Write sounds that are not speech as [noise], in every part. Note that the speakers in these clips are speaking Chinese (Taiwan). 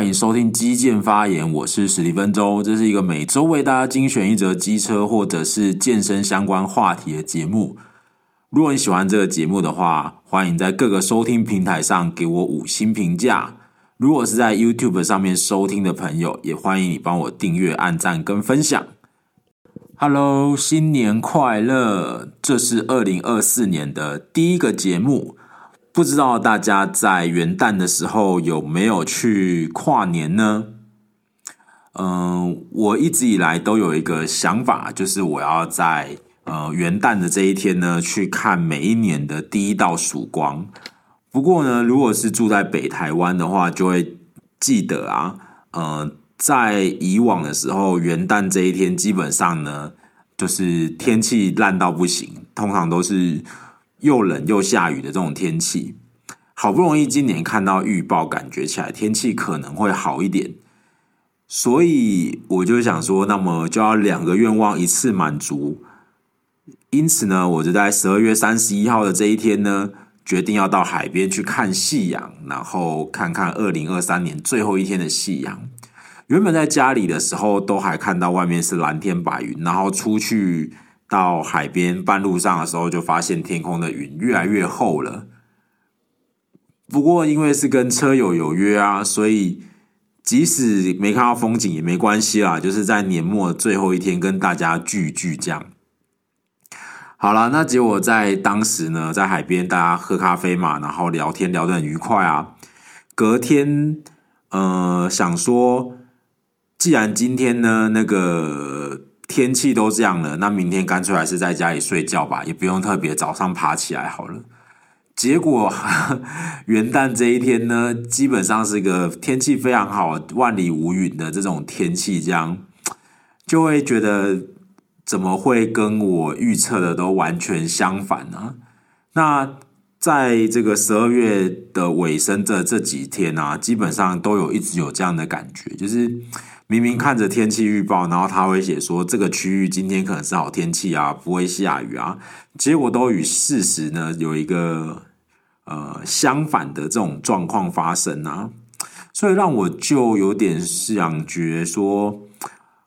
歡迎收聽機健發言，我是史蒂芬周。這是一個每周為大家精選一則機車或者是健身相關話題的節目。如果你喜歡這個節目的話，歡迎在各個收聽平台上給我五星評價。如果是在 YouTube 上面收聽的朋友，也歡迎你幫我訂閱、按讚跟分享。Hello，新年快樂！這是二零二四年的第一個節目。不知道大家在元旦的時候有沒有去跨年呢？嗯、呃，我一直以來都有一個想法，就是我要在呃元旦的這一天呢，去看每一年的第一道曙光。不過呢，如果是住在北台灣的話，就會記得啊，呃，在以往的時候，元旦這一天基本上呢，就是天氣爛到不行，通常都是。又冷又下雨的這種天氣，好不容易今年看到預報，感覺起來天氣可能會好一點，所以我就想說，那麼就要兩個願望一次滿足。因此呢，我就在十二月三十一號的這一天呢，決定要到海邊去看夕陽，然後看看二零二三年最後一天的夕陽。原本在家裡的時候，都還看到外面是藍天白雲，然後出去。到海邊半路上的時候，就發現天空的雲越來越厚了。不過，因為是跟車友有約啊，所以即使沒看到風景也沒關係啊。就是在年末的最後一天跟大家聚聚，這樣好了。那結果在當時呢，在海邊大家喝咖啡嘛，然後聊天聊得很愉快啊。隔天，呃，想說既然今天呢，那個。天氣都這樣了，那明天乾脆還是在家裡睡覺吧，也不用特別早上爬起來好了。結果哈，元旦這一天呢，基本上是一個天氣非常好、萬里無雲的這種天氣，這樣就會覺得怎麼會跟我預測的都完全相反呢？啊？那在這個十二月的尾聲這這幾天呢，啊，基本上都有一直有這樣的感覺，就是。明明看着天氣預報，然後他會寫說這個區域今天可能是好天氣啊，不會下雨啊，結果都與事實呢有一個呃相反的這種狀況發生啊，所以讓我就有點想覺說，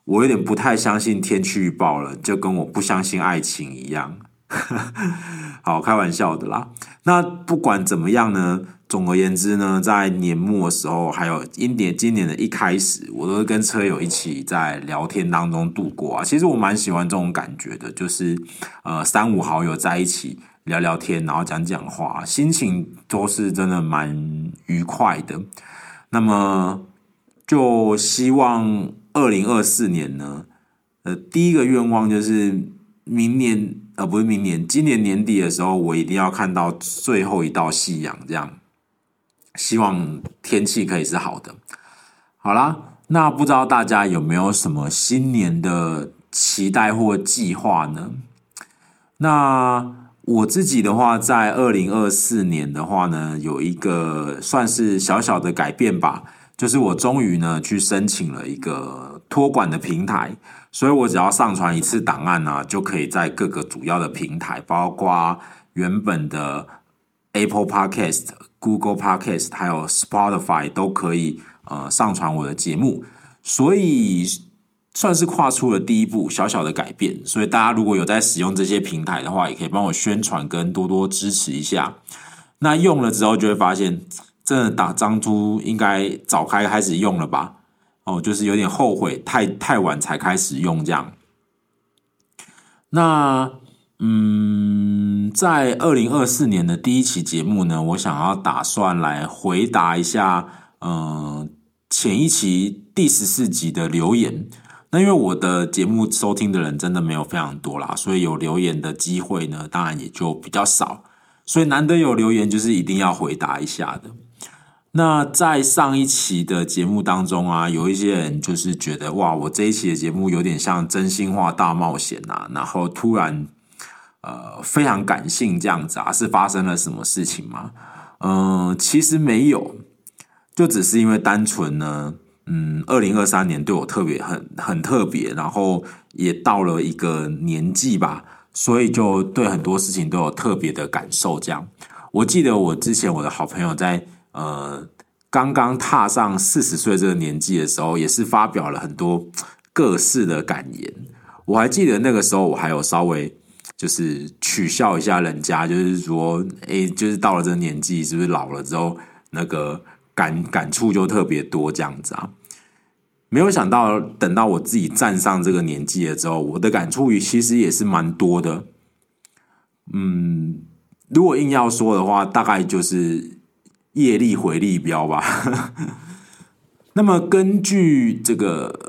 我有點不太相信天氣預報了，就跟我不相信愛情一樣。 [laughs] 好，開玩笑的啦。那不管怎麼樣呢，總而言之呢，在年末的時候，還有今年今年的一開始，我都跟車友一起在聊天當中度過啊。其實我蠻喜歡這種感覺的，就是呃，三五好友在一起聊聊天，然後講講話，心情都是真的蠻愉快的。那麼，就希望二零二四年呢，呃，第一個願望就是明年。而不是明年，今年年底的時候，我一定要看到最後一道夕陽，這樣，希望天氣可以是好的。好啦，那不知道大家有沒有什麼新年的期待或計劃呢？那我自己的話，在二零二四年的話呢，有一個算是小小的改變吧，就是我終於呢去申請了一個托管的平台。所以我只要上傳一次檔案呢、啊，就可以在各個主要的平台，包括原本的 Apple Podcast、Google Podcast，還有 Spotify 都可以呃上傳我的節目。所以算是跨出了第一步小小的改變。所以大家如果有在使用這些平台的話，也可以幫我宣傳跟多多支持一下。那用了之後就會發現，真的打章珠應該早開開始用了吧。哦，就是有點後悔，太太晚才開始用這樣。那嗯，在二零二四年的第一期節目呢，我想要打算來回答一下，嗯、呃，前一期第十四集的留言。那因為我的節目收聽的人真的沒有非常多啦，所以有留言的機會呢，當然也就比較少，所以難得有留言，就是一定要回答一下的。那在上一期的節目當中啊，有一些人就是覺得哇，我這一期的節目有點像真心話大冒險啊，然後突然呃非常感性這樣子啊，是發生了什麼事情嗎？嗯、呃，其實沒有，就只是因為單純呢，嗯，二零二三年對我特別很很特別，然後也到了一個年紀吧，所以就對很多事情都有特別的感受。這樣，我記得我之前我的好朋友在。呃，剛剛踏上四十歲這個年紀的時候，也是發表了很多各式的感言。我還記得那個時候，我還有稍微就是取笑一下人家，就是說，哎，就是到了這個年紀，是不是老了之後，那個感感觸就特別多這樣子啊？沒有想到，等到我自己站上這個年紀了之後，我的感觸其實也是蠻多的。嗯，如果硬要說的話，大概就是。業力回力鏢吧。 [laughs] 那麼根據這個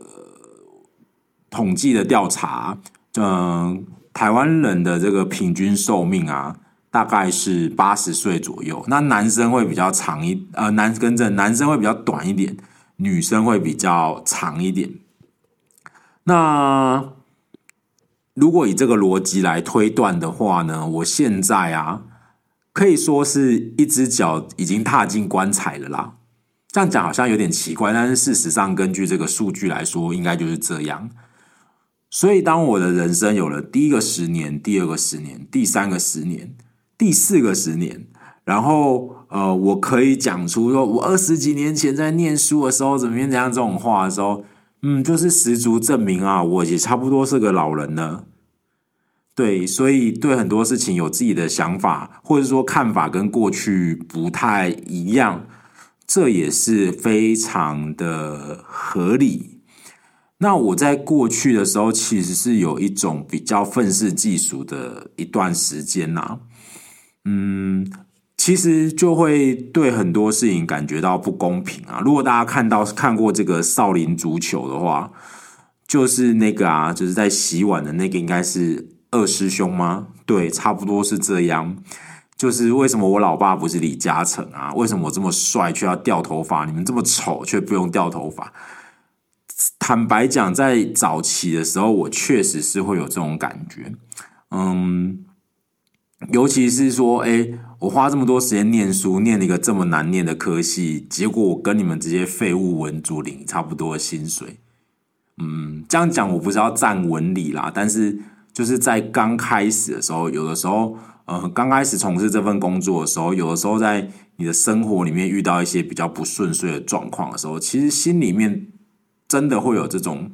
統計的調查，嗯、呃，台灣人的這個平均壽命啊，大概是八十歲左右。那男生會比較長一，呃，男生更正，男生會比較短一點，女生會比較長一點。那如果以這個邏輯來推斷的話呢，我現在啊。可以說是一隻腳已經踏進棺材了啦，這樣講好像有點奇怪，但是事實上根據這個數據來說，應該就是這樣。所以當我的人生有了第一個十年、第二個十年、第三個十年、第四個十年，然後呃，我可以講出說，我二十幾年前在念書的時候，怎麼怎樣這種話的時候，嗯，就是十足證明啊，我也差不多是個老人了。對，所以對很多事情有自己的想法，或者說看法跟過去不太一樣，這也是非常的合理。那我在過去的時候，其實是有一種比較憤世嫉俗的一段時間吶、啊。嗯，其實就會對很多事情感覺到不公平啊。如果大家看到看過這個《少林足球》的話，就是那個啊，就是在洗碗的那個，應該是。二師兄嗎？對，差不多是這樣。就是為什麼我老爸不是李嘉誠啊？為什麼我這麼帥卻要掉頭髮？你們這麼醜卻不用掉頭髮？坦白講，在早期的時候，我確實是會有這種感覺。嗯，尤其是說，哎，我花這麼多時間念書，念了一個這麼難念的科系，結果我跟你們這些廢物文組領差不多的薪水。嗯，這樣講我不是要戰文理啦，但是。就是在剛開始的時候，有的時候，呃，剛開始從事這份工作的時候，有的時候在你的生活裡面遇到一些比較不順遂的狀況的時候，其實心裡面真的會有這種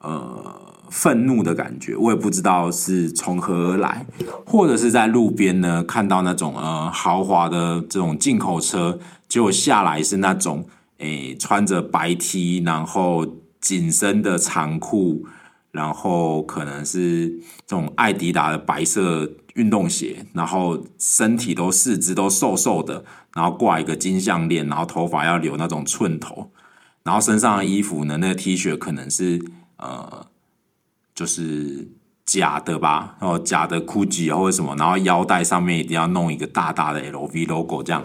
呃憤怒的感覺，我也不知道是從何而來，或者是在路邊呢看到那種呃豪華的這種進口車，就下來是那種誒穿着白 T，然後緊身的長褲。然後可能是這種愛迪達的白色運動鞋，然後身體都四肢都瘦瘦的，然後掛一個金項鏈，然後頭髮要留那種寸頭，然後身上的衣服呢，那個 T 恤可能是呃，就是假的吧，然後假的 Gucci 或者什麼，然後腰帶上面一定要弄一個大大的 LV logo，這樣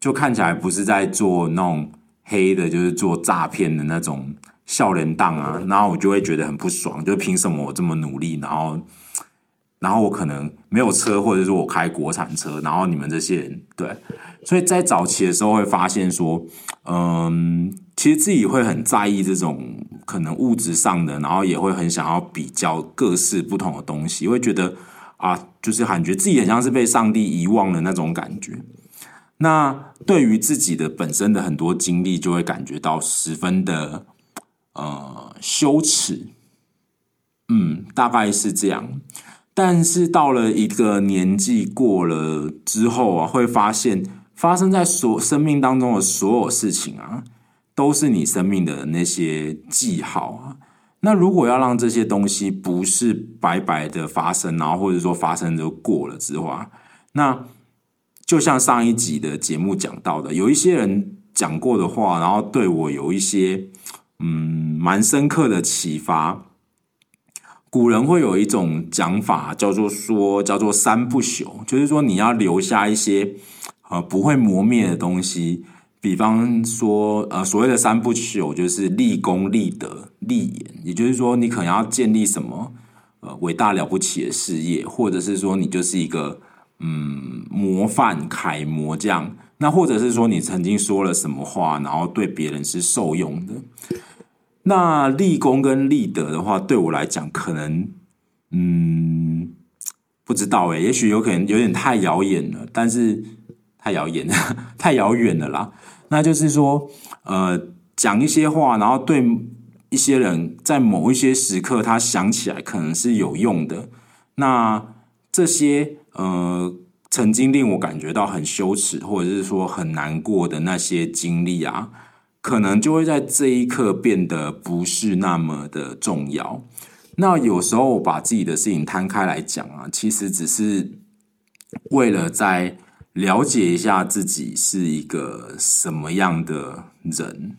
就看起來不是在做那種黑的，就是做詐騙的那種。笑臉檔啊，然後我就會覺得很不爽，就憑什麼我這麼努力，然後，然後我可能沒有車，或者是我開國產車，然後你們這些人對，所以在早期的時候會發現說，嗯，其實自己會很在意這種可能物質上的，然後也會很想要比較各式不同的東西，會覺得啊，就是感覺自己很像是被上帝遺忘的那種感覺。那對於自己的本身的很多經歷，就會感覺到十分的。呃，羞恥，嗯，大概是這樣。但是到了一個年紀過了之後啊，會發現發生在所生命當中的所有事情啊，都是你生命的那些記號啊。那如果要讓這些東西不是白白的發生，然後或者說發生就過了之後啊，那就像上一集的節目講到的，有一些人講過的話，然後對我有一些。嗯，蠻深刻的啟發。古人會有一種講法，叫做說，叫做“三不朽”，就是說你要留下一些呃不會磨滅的東西。比方說，呃，所謂的“三不朽”，就是立功、立德、立言。也就是說，你可能要建立什麼呃偉大了不起的事業，或者是說，你就是一個嗯模範楷模這樣。那或者是說你曾經說了什麼話，然後對別人是受用的。那立功跟立德的話，對我來講，可能嗯不知道哎、欸，也許有可能有點太遙遠了，但是太遙遠 [laughs] 太遙遠了啦。那就是說，呃，講一些話，然後對一些人在某一些時刻，他想起來可能是有用的。那這些呃。曾經令我感覺到很羞恥，或者是說很難過的那些經歷啊，可能就會在這一刻變得不是那麼的重要。那有時候我把自己的事情攤開來講啊，其實只是為了再了解一下自己是一個什麼樣的人。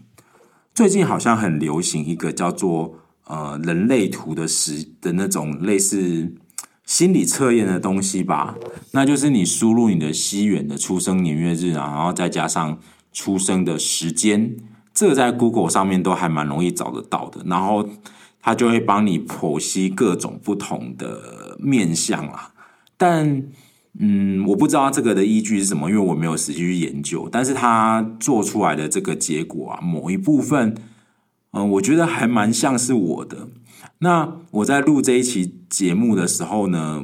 最近好像很流行一個叫做呃人類圖的時的那種類似。心理測驗的東西吧，那就是你輸入你的西元的出生年月日啊，然後再加上出生的時間，這個在 Google 上面都還蠻容易找得到的。然後他就會幫你剖析各種不同的面相啦。但嗯，我不知道這個的依據是什麼，因為我沒有實際去研究。但是他做出來的這個結果啊，某一部分，嗯、呃，我覺得還蠻像是我的。那我在錄這一期節目的時候呢，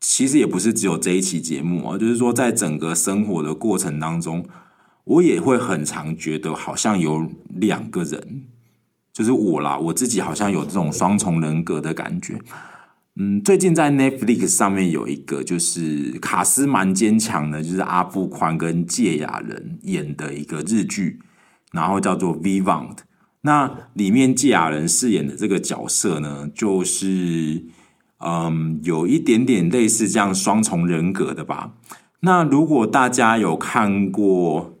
其實也不是只有這一期節目哦、啊，就是說在整個生活的過程當中，我也會很常覺得好像有兩個人，就是我啦，我自己好像有這種雙重人格的感覺。嗯，最近在 Netflix 上面有一個就是卡司蠻堅強的，就是阿部寬跟堺雅人演的一個日劇，然後叫做《Vivant》。那裡面堺雅人飾演的這個角色呢，就是嗯，有一點點類似這樣雙重人格的吧。那如果大家有看過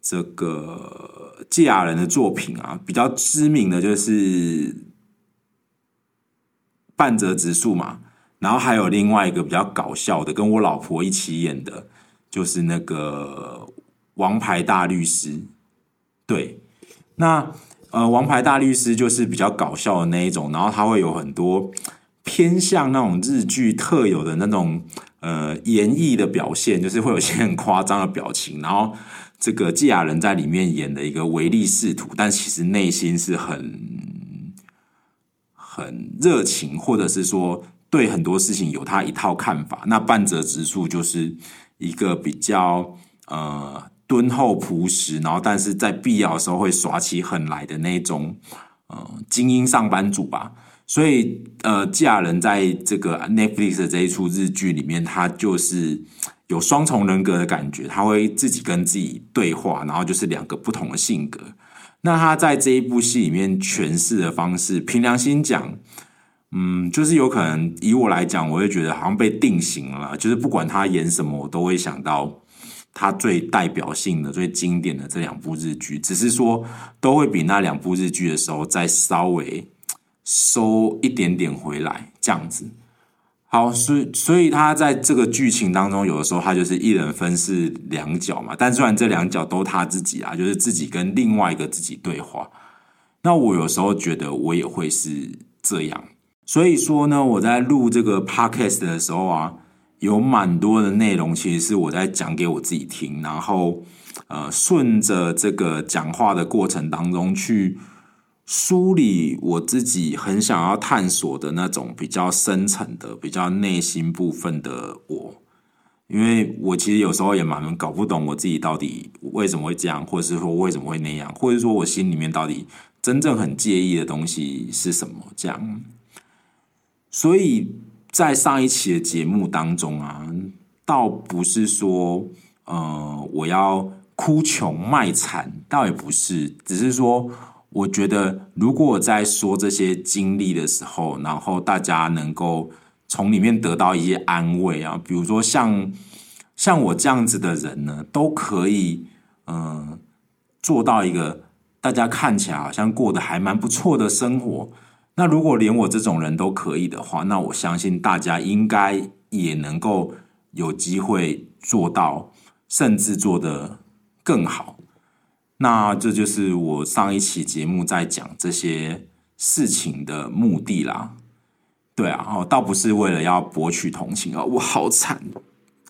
這個堺雅人的作品啊，比較知名的就是半澤直樹嘛，然後還有另外一個比較搞笑的，跟我老婆一起演的，就是那個王牌大律師，對。那呃，王牌大律師就是比較搞笑的那一種，然後他會有很多偏向那種日劇特有的那種呃演繹的表現，就是會有一些很誇張的表情。然後這個堺雅人在裡面演的一個唯利是圖，但其實內心是很很熱情，或者是說對很多事情有他一套看法。那半澤直樹就是一個比較呃。敦厚樸實，然後但是在必要的時候會耍起狠來的那種，嗯、呃，精英上班族吧。所以，呃，家人在這個 Netflix 的這一出日劇裡面，他就是有雙重人格的感覺，他會自己跟自己對話，然後就是兩個不同的性格。那他在這一部戲裡面詮釋的方式，憑良心講，嗯，就是有可能以我來講，我會覺得好像被定型了，就是不管他演什麼，我都會想到。他最代表性的、最經典的這兩部日劇，只是說都會比那兩部日劇的時候再稍微收一點點回來，這樣子。好，所以所以他在這個劇情當中，有的時候他就是一人分飾兩角嘛。但雖然這兩角都他自己啊，就是自己跟另外一個自己對話。那我有時候覺得我也會是這樣。所以說呢，我在錄這個 podcast 的時候啊。有蠻多的內容，其實是我在講給我自己聽，然後，呃，順着這個講話的過程當中去梳理我自己很想要探索的那種比較深層的、比較內心部分的我，因為我其實有時候也蠻搞不懂我自己到底為什麼會這樣，或者是說為什麼會那樣，或者說我心裡面到底真正很介意的東西是什麼這樣，所以。在上一期的節目當中啊，倒不是說，呃，我要哭窮賣慘，倒也不是，只是說，我覺得如果我在說這些經歷的時候，然後大家能夠從裡面得到一些安慰啊，比如說像像我這樣子的人呢，都可以，嗯、呃，做到一個大家看起來好像過得還蠻不錯的生活。那如果連我這種人都可以的話，那我相信大家應該也能夠有機會做到，甚至做得更好。那這就是我上一期節目在講這些事情的目的啦。對啊，哦、倒不是為了要博取同情啊、哦，我好慘，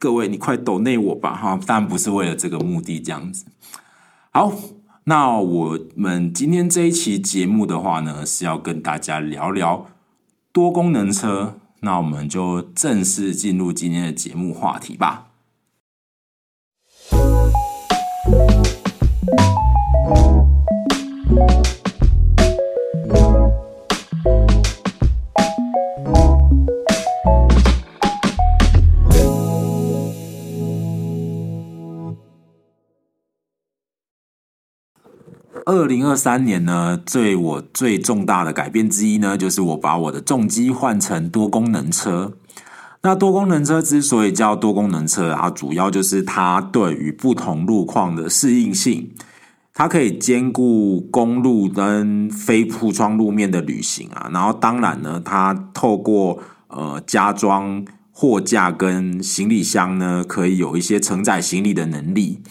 各位你快抖內我吧哈，當然不是為了這個目的這樣子。好。那我們今天這一期節目的話呢，是要跟大家聊聊多功能車，那我們就正式進入今天的節目話題吧。二零二三年呢，對我最重大的改變之一呢，就是我把我的重機換成多功能車。那多功能車之所以叫多功能車，它主要就是它對於不同路況的適應性，它可以兼顧公路跟非鋪裝路面的旅行啊。然後當然呢，它透過呃加裝貨架跟行李箱呢，可以有一些承載行李的能力。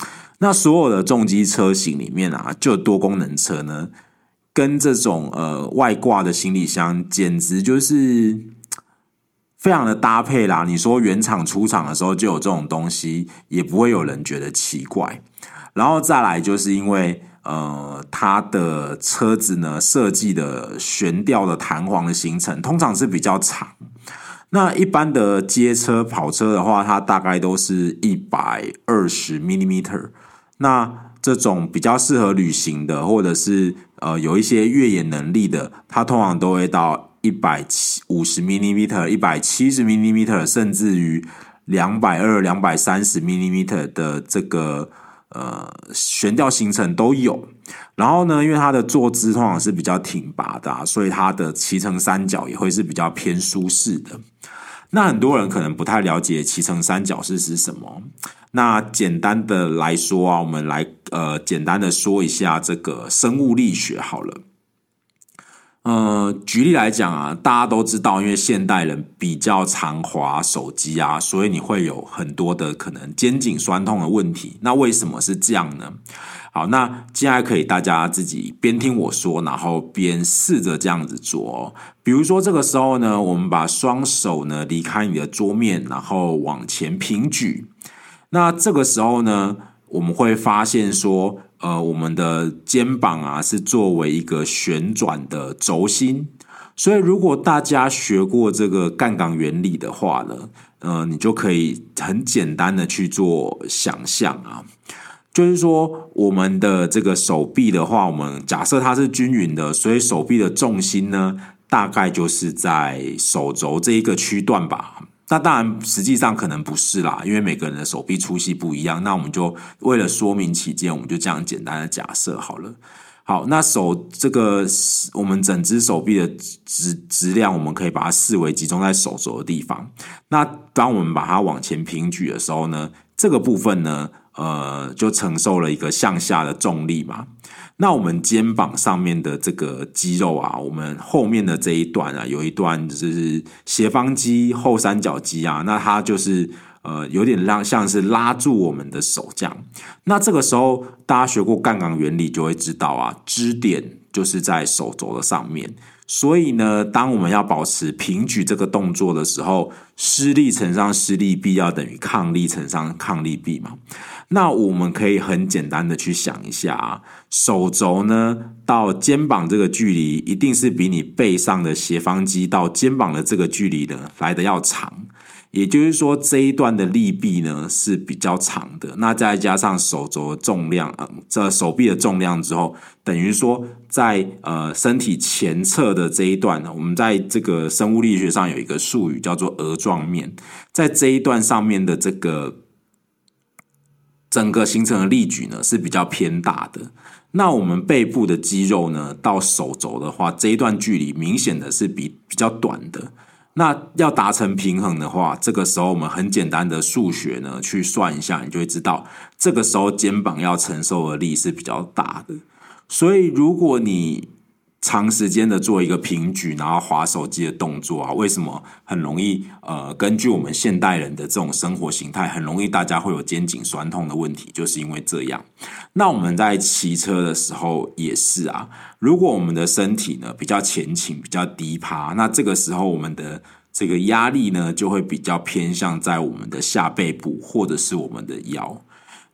那所有的重機車型裡面啊，就多功能車呢，跟這種呃外掛的行李箱，簡直就是非常的搭配啦。你說原廠出廠的時候就有這種東西，也不會有人覺得奇怪。然後再來就是因為呃，它的車子呢設計的懸吊的彈簧的行程通常是比較長。那一般的街車、跑車的話，它大概都是一百二十毫米。那這種比較適合旅行的，或者是呃有一些越野能力的，它通常都會到一百七五十 millimeter 一百七十 millimeter 甚至於兩百二、兩百三十 millimeter 的這個呃懸吊行程都有。然後呢，因為它的坐姿通常是比較挺拔的，啊，所以它的騎乘三角也會是比較偏舒適的。那很多人可能不太了解騎乘三角式是什麼？那簡單的來說啊，我們來呃簡單的說一下這個生物力學好了。呃，舉例來講啊，大家都知道，因為現代人比較常滑手機啊，所以你會有很多的可能肩頸痠痛的問題。那為什麼是這樣呢？好，那接下來可以大家自己邊聽我說，然後邊試着這樣子做哦。比如說這個時候呢，我們把雙手呢離開你的桌面，然後往前平舉。那這個時候呢，我們會發現說。呃，我們的肩膀啊是作為一個旋轉的軸心，所以如果大家學過這個槓桿原理的話呢，呃，你就可以很簡單的去做想象啊，就是說我們的這個手臂的話，我們假設它是均勻的，所以手臂的重心呢，大概就是在手肘這一個區段吧。那當然，實際上可能不是啦，因為每個人的手臂粗細不一樣。那我們就為了說明起見，我們就這樣簡單的假設好了。好，那手這個我們整只手臂的質質量，我們可以把它視為集中在手肘的地方。那當我們把它往前平舉的時候呢，這個部分呢，呃，就承受了一個向下的重力嘛。那我們肩膀上面的這個肌肉啊，我們後面的這一段啊，有一段就是斜方肌、後三角肌啊，那它就是呃有點讓像是拉住我們的手這樣。那這個時候，大家學過槓桿原理就會知道啊，支點就是在手肘的上面。所以呢，當我們要保持平舉這個動作的時候，施力乘上施力臂要等於抗力乘上抗力臂嘛。那我們可以很簡單的去想一下啊，手肘呢到肩膀這個距離，一定是比你背上的斜方肌到肩膀的這個距離呢來得要長。也就是說，這一段的力臂呢是比較長的。那再加上手肘的重量，呃，這手臂的重量之後，等於說在呃身體前側的這一段呢，我們在這個生物力學上有一個術語叫做額狀面，在這一段上面的這個整個形成的力矩呢是比較偏大的。那我們背部的肌肉呢到手肘的話，這一段距離明顯的是比比較短的。那要達成平衡的話，這個時候我們很簡單的數學呢，去算一下，你就會知道，這個時候肩膀要承受的力是比較大的，所以如果你長時間的做一個平舉，然後滑手機的動作啊，為什麼很容易？呃，根據我們現代人的這種生活形態，很容易大家會有肩頸痠痛的問題，就是因為這樣。那我們在騎車的時候也是啊，如果我們的身體呢，比較前傾，比較低趴，那這個時候我們的這個壓力呢，就會比較偏向在我們的下背部，或者是我們的腰。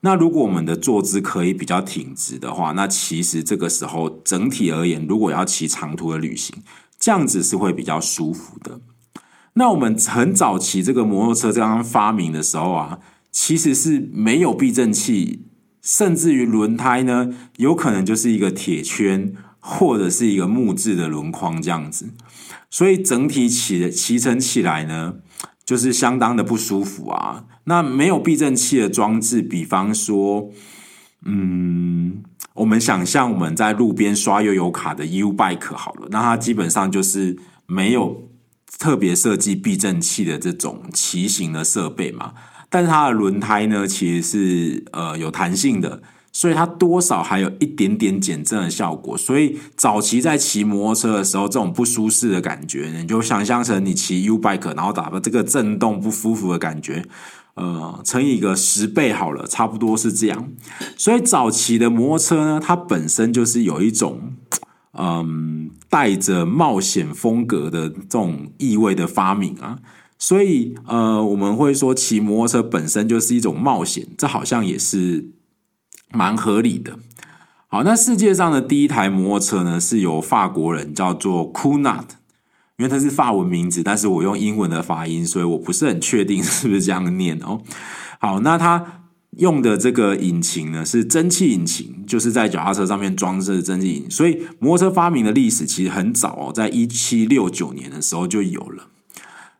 那如果我們的坐姿可以比較挺直的話，那其實這個時候整體而言，如果要騎長途的旅行，這樣子是會比較舒服的。那我們很早期這個摩托車剛剛發明的時候啊，其實是沒有避震器，甚至於輪胎呢，有可能就是一個鐵圈或者是一個木質的輪框這樣子，所以整體騎的騎乘起來呢。就是相當的不舒服啊！那沒有避震器的裝置，比方說，嗯，我們想象我們在路邊刷悠遊卡的 U bike 好了，那它基本上就是沒有特別設計避震器的這種騎行的設備嘛。但是它的輪胎呢，其實是呃有彈性的。所以它多少還有一點點減震的效果，所以早期在騎摩托車的時候，這種不舒適的感覺，你就想象成你騎 U bike，然後打個這個震動不舒服的感覺，呃，乘以一個十倍好了，差不多是這樣。所以早期的摩托車呢，它本身就是有一種，嗯，帶着冒險風格的這種意味的發明啊。所以呃，我們會說騎摩托車本身就是一種冒險，這好像也是。蠻合理的，好，那世界上的第一台摩托車呢，是由法國人叫做 Cunard，因為它是法文名字，但是我用英文的發音，所以我不是很確定是不是這樣念哦。好，那它用的這個引擎呢，是蒸汽引擎，就是在腳踏車上面裝著蒸汽引擎，所以摩托車發明的歷史其實很早哦，在一七六九年的時候就有了。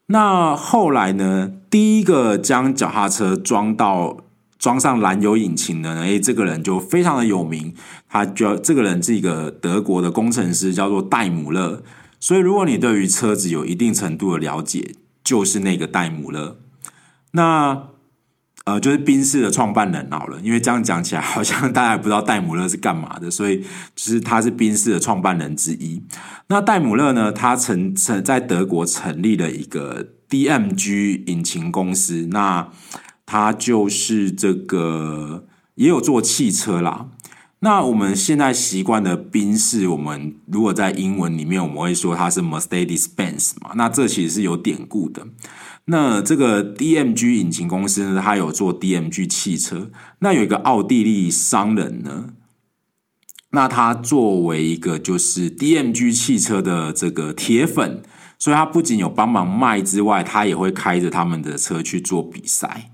那後來呢，第一個將腳踏車裝到。裝上燃油引擎的，哎、欸，這個人就非常的有名。他就這個人，是一個德國的工程師，叫做戴姆勒。所以，如果你對於車子有一定程度的了解，就是那個戴姆勒。那呃，就是賓士的創辦人好了，因為這樣講起來，好像大家不知道戴姆勒是幹嘛的，所以就是他是賓士的創辦人之一。那戴姆勒呢，他曾曾在德國成立了一個 DMG 引擎公司。那他就是這個也有做汽車啦。那我們現在習慣的賓士，我們如果在英文裡面，我們會說它是 Mercedes Benz 嘛。那這其實是有典故的。那這個 DMG 引擎公司呢，它有做 DMG 汽車。那有一個奧地利商人呢，那他作為一個就是 DMG 汽車的這個鐵粉，所以他不僅有幫忙賣之外，他也會開着他們的車去做比賽。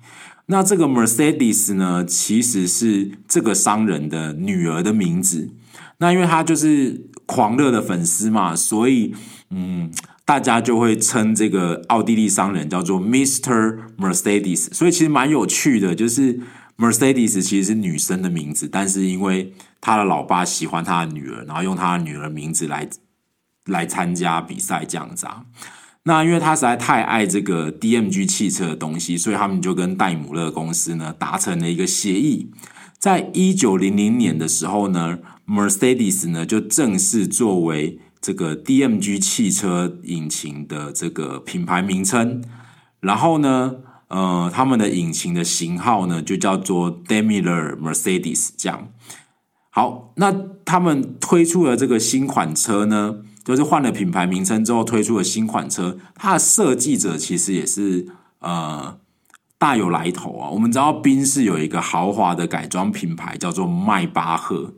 那這個 Mercedes 呢，其實是這個商人的女兒的名字。那因為他就是狂熱的粉絲嘛，所以嗯，大家就會稱這個奧地利商人叫做 Mr. Mercedes。所以其實蠻有趣的，就是 Mercedes 其實是女生的名字，但是因為他的老爸喜歡他的女兒，然後用他的女兒的名字來來參加比賽這樣子啊。那因為他實在太愛這個 DMG 汽車的東西，所以他們就跟戴姆勒公司呢達成了一個協議，在一九零零年的時候呢，Mercedes 呢就正式作為這個 DMG 汽車引擎的這個品牌名稱，然後呢，呃，他們的引擎的型號呢就叫做 Daimler Mercedes 這樣。好，那他們推出了這個新款車呢。就是換了品牌名稱之後推出的新款車，它的設計者其實也是呃大有來頭啊。我們知道賓士有一個豪華的改裝品牌叫做邁巴赫，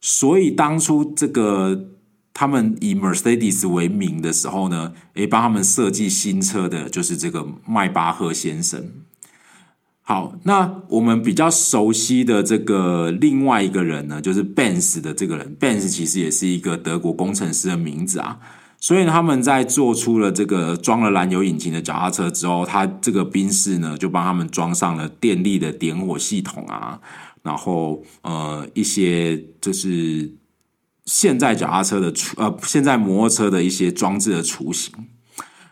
所以當初這個他們以 Mercedes 為名的時候呢，誒，幫他們設計新車的就是這個邁巴赫先生。好，那我們比較熟悉的這個另外一個人呢，就是 Benz 的這個人，Benz 其實也是一個德國工程師的名字啊。所以他們在做出了這個裝了燃油引擎的腳踏車之後，他這個賓士呢就幫他們裝上了電力的點火系統啊，然後呃一些就是現在腳踏車的雛呃現在摩托車的一些裝置的雛形。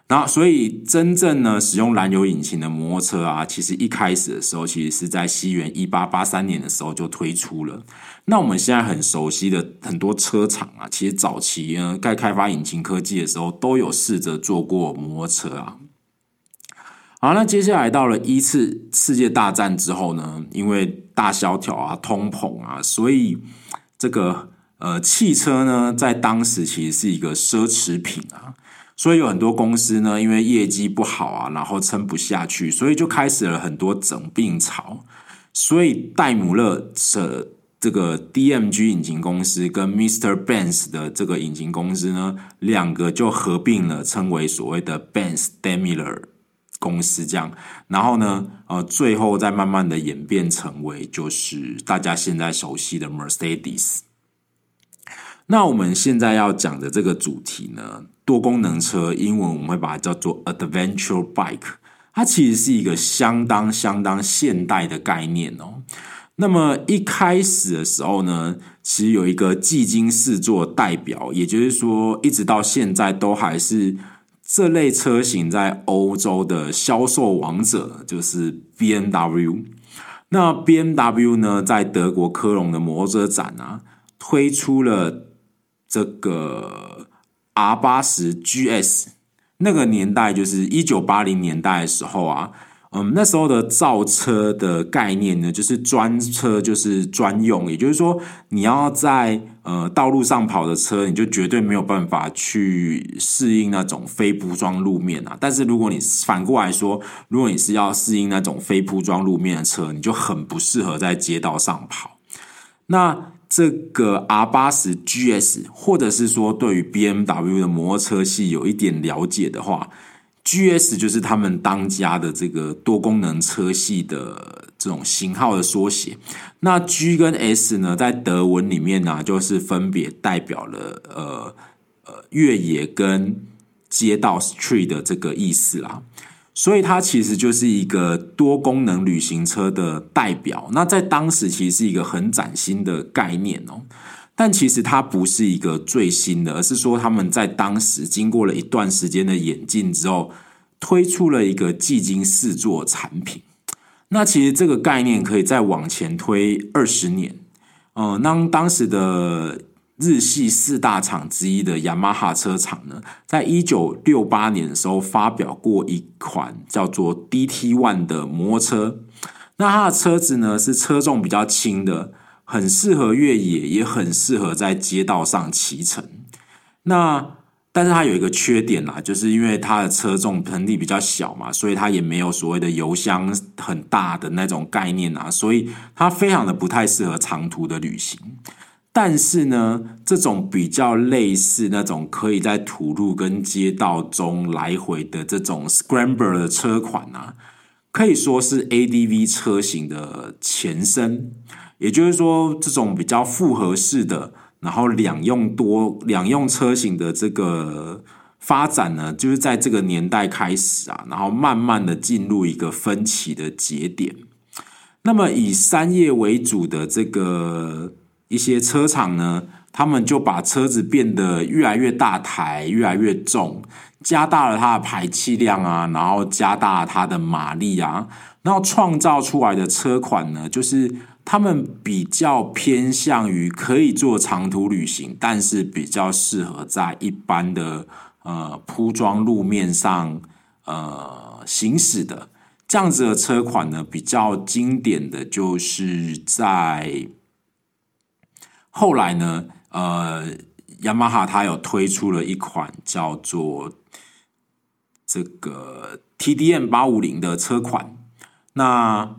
那所以，真正呢，使用燃油引擎的摩托車啊，其實一開始的時候，其實是在西元一八八三年的時候就推出了。那我們現在很熟悉的很多車廠啊，其實早期呢，在開，開發引擎科技的時候，都有試着做過摩托車啊。好，那接下來到了一次世界大戰之後呢，因為大蕭條啊、通膨啊，所以這個呃汽車呢，在當時其實是一個奢侈品啊。所以有很多公司呢，因為業績不好啊，然後撐不下去，所以就開始了很多整併潮。所以戴姆勒這這個 DMG 引擎公司跟 Mister Benz 的這個引擎公司呢，兩個就合併了，稱為所謂的 Benz Daimler 公司。這樣，然後呢，呃，最後再慢慢的演變成為就是大家現在熟悉的 Mercedes。那我們現在要講的這個主題呢，多功能車英文我們會把它叫做 Adventure Bike，它其實是一個相當相當現代的概念哦。那麼一開始的時候呢，其實有一個迄今視作代表，也就是說一直到現在都還是這類車型在歐洲的銷售王者，就是 B M W。那 B M W 呢，在德國科隆的摩托車展啊，推出了。這個 R 80 GS 那個年代就是1980年代的時候啊，嗯，那時候的造車的概念呢，就是專車就是專用，也就是說，你要在呃道路上跑的車，你就絕對沒有辦法去適應那種非鋪裝路面啊。但是如果你反過來說，如果你是要適應那種非鋪裝路面的車，你就很不適合在街道上跑。那。這個 R 80 GS，或者是說，對於 BMW 的摩托車系有一點了解的話，GS 就是他們當家的這個多功能車系的這種型號的縮寫。那 G 跟 S 呢，在德文裡面呢，就是分別代表了呃呃越野跟街道 street 的這個意思啦。所以它其實就是一個多功能旅行車的代表，那在當時其實是一個很嶄新的概念哦。但其實它不是一個最新的，而是說他們在當時經過了一段時間的演進之後，推出了一個基金四座產品。那其實這個概念可以再往前推二十年哦。那、呃、當，當時的。日系四大廠之一的雅馬哈車廠呢，在一九六八年的時候發表過一款叫做 DT ONE 的摩托車。那它的車子呢，是車重比較輕的，很適合越野，也很適合在街道上騎乘。那但是它有一個缺點啦、啊，就是因為它的車重、盆力比較小嘛，所以它也沒有所謂的油箱很大的那種概念啊，所以它非常的不太適合長途的旅行。但是呢，這種比較類似那種可以在土路跟街道中來回的這種 Scrambler 的車款啊，可以說是 ADV 車型的前身。也就是說，這種比較複合式的，然後兩用多兩用車型的這個發展呢，就是在這個年代開始啊，然後慢慢的進入一個分歧的節點。那麼，以三葉為主的這個。一些車廠呢，他們就把車子變得越來越大台、越來越重，加大了它的排氣量啊，然後加大它的馬力啊，然後創造出來的車款呢，就是他們比較偏向於可以做長途旅行，但是比較適合在一般的呃鋪裝路面上呃行駛的這樣子的車款呢，比較經典的就是在。後來呢，呃，雅馬哈它有推出了一款叫做這個 TDM 八五零的車款。那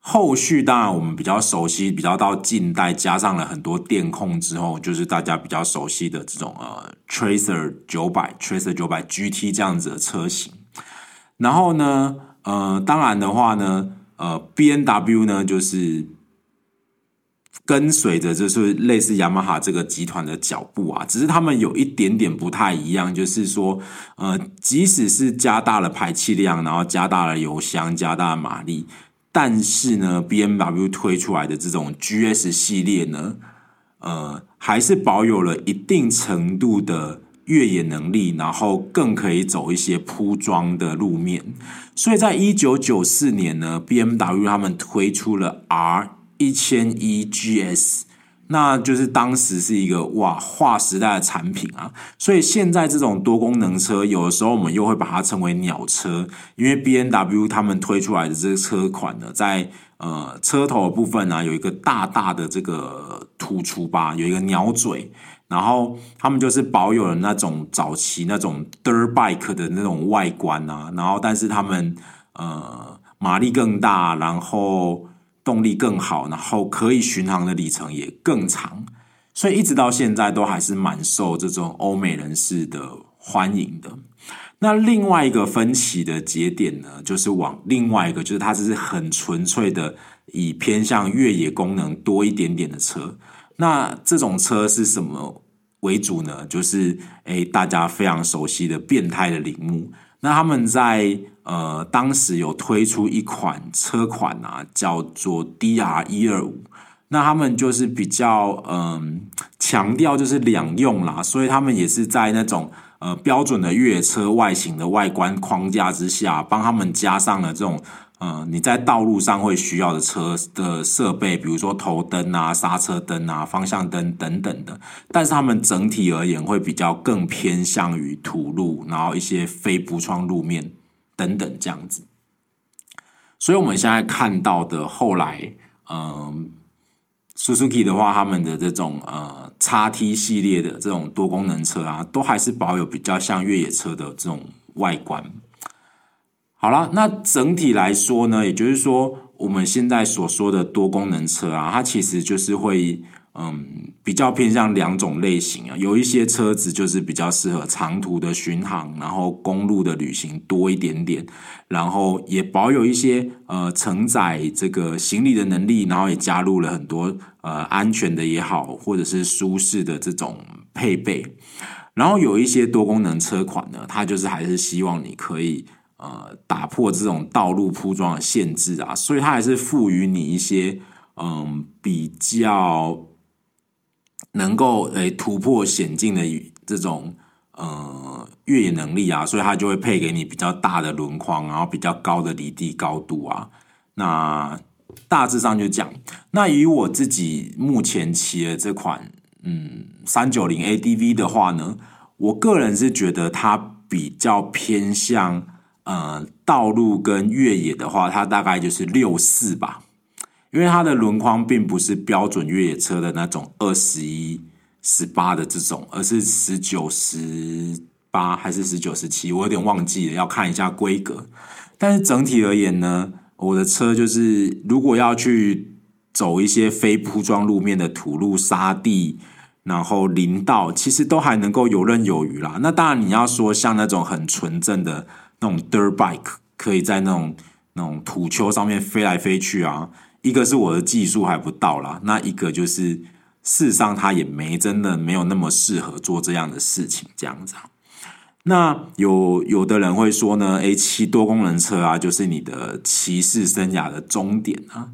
後續當然我們比較熟悉，比較到近代加上了很多電控之後，就是大家比較熟悉的這種呃 Tracer 九百、Tracer 九百 GT 這樣子的車型。然後呢，呃，當然的話呢，呃，BMW 呢就是。跟隨着就是類似雅馬哈這個集團的腳步啊，只是他們有一點點不太一樣，就是說，呃，即使是加大了排氣量，然後加大了油箱，加大了馬力，但是呢，BMW 推出來的這種 GS 系列呢，呃，還是保有了一定程度的越野能力，然後更可以走一些鋪裝的路面。所以在1994年呢，BMW 他們推出了 R。一千一 GS，那就是當時是一個哇劃時代的產品啊！所以現在這種多功能車，有的時候我們又會把它稱為鳥車，因為 B M W 他們推出來的這個車款呢，在呃車頭的部分呢，啊，有一個大大的這個突出吧，有一個鳥嘴，然後他們就是保有了那種早期那種 Dirt Bike 的那種外觀啊，然後但是他們呃馬力更大，然後。動力更好，然後可以巡航的里程也更長，所以一直到現在都還是蠻受這種歐美人士的歡迎的。那另外一個分歧的節點呢，就是往另外一個，就是它只是很純粹的以偏向越野功能多一點點的車。那這種車是什麼為主呢？就是誒、欸，大家非常熟悉的變態的鈴木。那他們在。呃，當時有推出一款車款啊，叫做 DR 一二五。那他們就是比較嗯、呃、強調就是兩用啦，所以他們也是在那種呃標準的越野車外形的外觀框架之下，幫他們加上了這種呃你在道路上會需要的車的設備，比如說頭燈啊、剎車燈啊、方向燈等等的。但是他們整體而言會比較更偏向於土路，然後一些非鋪裝路面。等等，這樣子，所以我們現在看到的後來，嗯、呃，Suzuki 的話，他們的這種呃 XT 系列的這種多功能車啊，都還是保有比較像越野車的這種外觀。好了，那整體來說呢，也就是說，我們現在所說的多功能車啊，它其實就是會。嗯，比較偏向兩種類型啊，有一些車子就是比較適合長途的巡航，然後公路的旅行多一點點，然後也保有一些呃承載這個行李的能力，然後也加入了很多呃安全的也好，或者是舒適的這種配備，然後有一些多功能車款呢，它就是還是希望你可以呃打破這種道路鋪裝的限制啊，所以它還是賦予你一些嗯比較。能夠誒、欸、突破險境的這種呃越野能力啊，所以它就會配給你比較大的輪框，然後比較高的離地高度啊。那大致上就講，那以我自己目前騎的這款嗯三九零 ADV 的話呢，我個人是覺得它比較偏向呃道路跟越野的話，它大概就是六四吧。因為它的輪框並不是標準越野車的那種二十一十八的這種，而是十九十八還是十九十七，我有點忘記了，要看一下規格。但是整體而言呢，我的車就是如果要去走一些非鋪裝路面的土路、沙地，然後林道，其實都還能夠游刃有餘啦。那當然，你要說像那種很純正的那種 dirt bike，可以在那種那種土丘上面飛來飛去啊。一個是我的技術還不到啦，那一個就是事實上他也沒真的沒有那麼適合做這樣的事情，這樣子啊。那有有的人會說呢，誒，騎多功能車啊，就是你的騎士生涯的終點啊。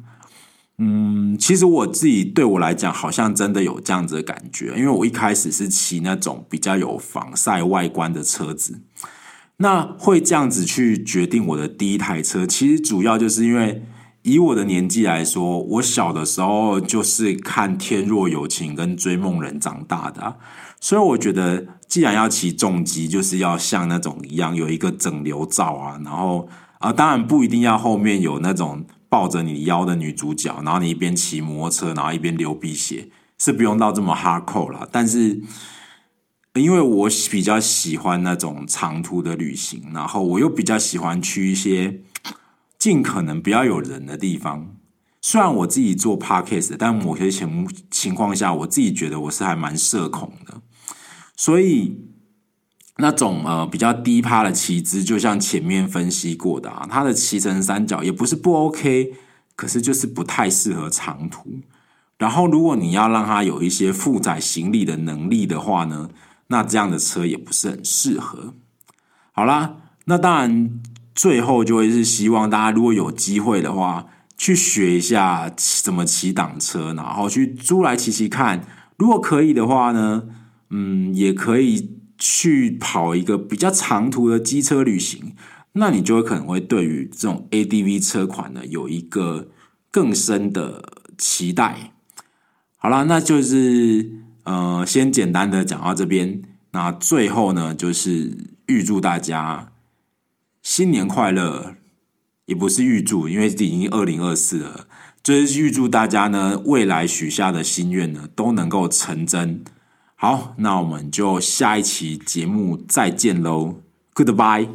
嗯，其實我自己對我來講，好像真的有這樣子的感覺，因為我一開始是騎那種比較有仿賽外觀的車子，那會這樣子去決定我的第一台車，其實主要就是因為。以我的年紀來說，我小的時候就是看《天若有情》跟《追夢人》長大的啊，所以我覺得，既然要騎重機，就是要像那種一樣，有一個整流罩啊，然後啊，呃，當然不一定要後面有那種抱着你腰的女主角，然後你一邊騎摩托車，然後一邊流鼻血，是不用到這麼 hardcore 啦。但是，因為我比較喜歡那種長途的旅行，然後我又比較喜歡去一些。盡可能不要有人的地方。雖然我自己做 podcast，但某些情情況下，我自己覺得我是還蠻社恐的。所以那種呃比較低趴的騎姿，就像前面分析過的啊，它的騎乘三角也不是不 OK，可是就是不太適合長途。然後如果你要讓它有一些負載行李的能力的話呢，那這樣的車也不是很適合。好啦，那當然。最後就會是希望大家如果有機會的話，去學一下怎麼騎擋車，然後去租來騎騎看。如果可以的話呢，嗯，也可以去跑一個比較長途的機車旅行。那你就會可能會對於這種 ADV 車款呢，有一個更深的期待。好啦，那就是呃，先簡單的講到這邊。那最後呢，就是預祝大家。新年快樂，也不是預祝，因為已經二零二四了。這就是預祝大家呢，未來許下的心願呢，都能夠成真。好，那我們就下一期節目再見嘍，Goodbye。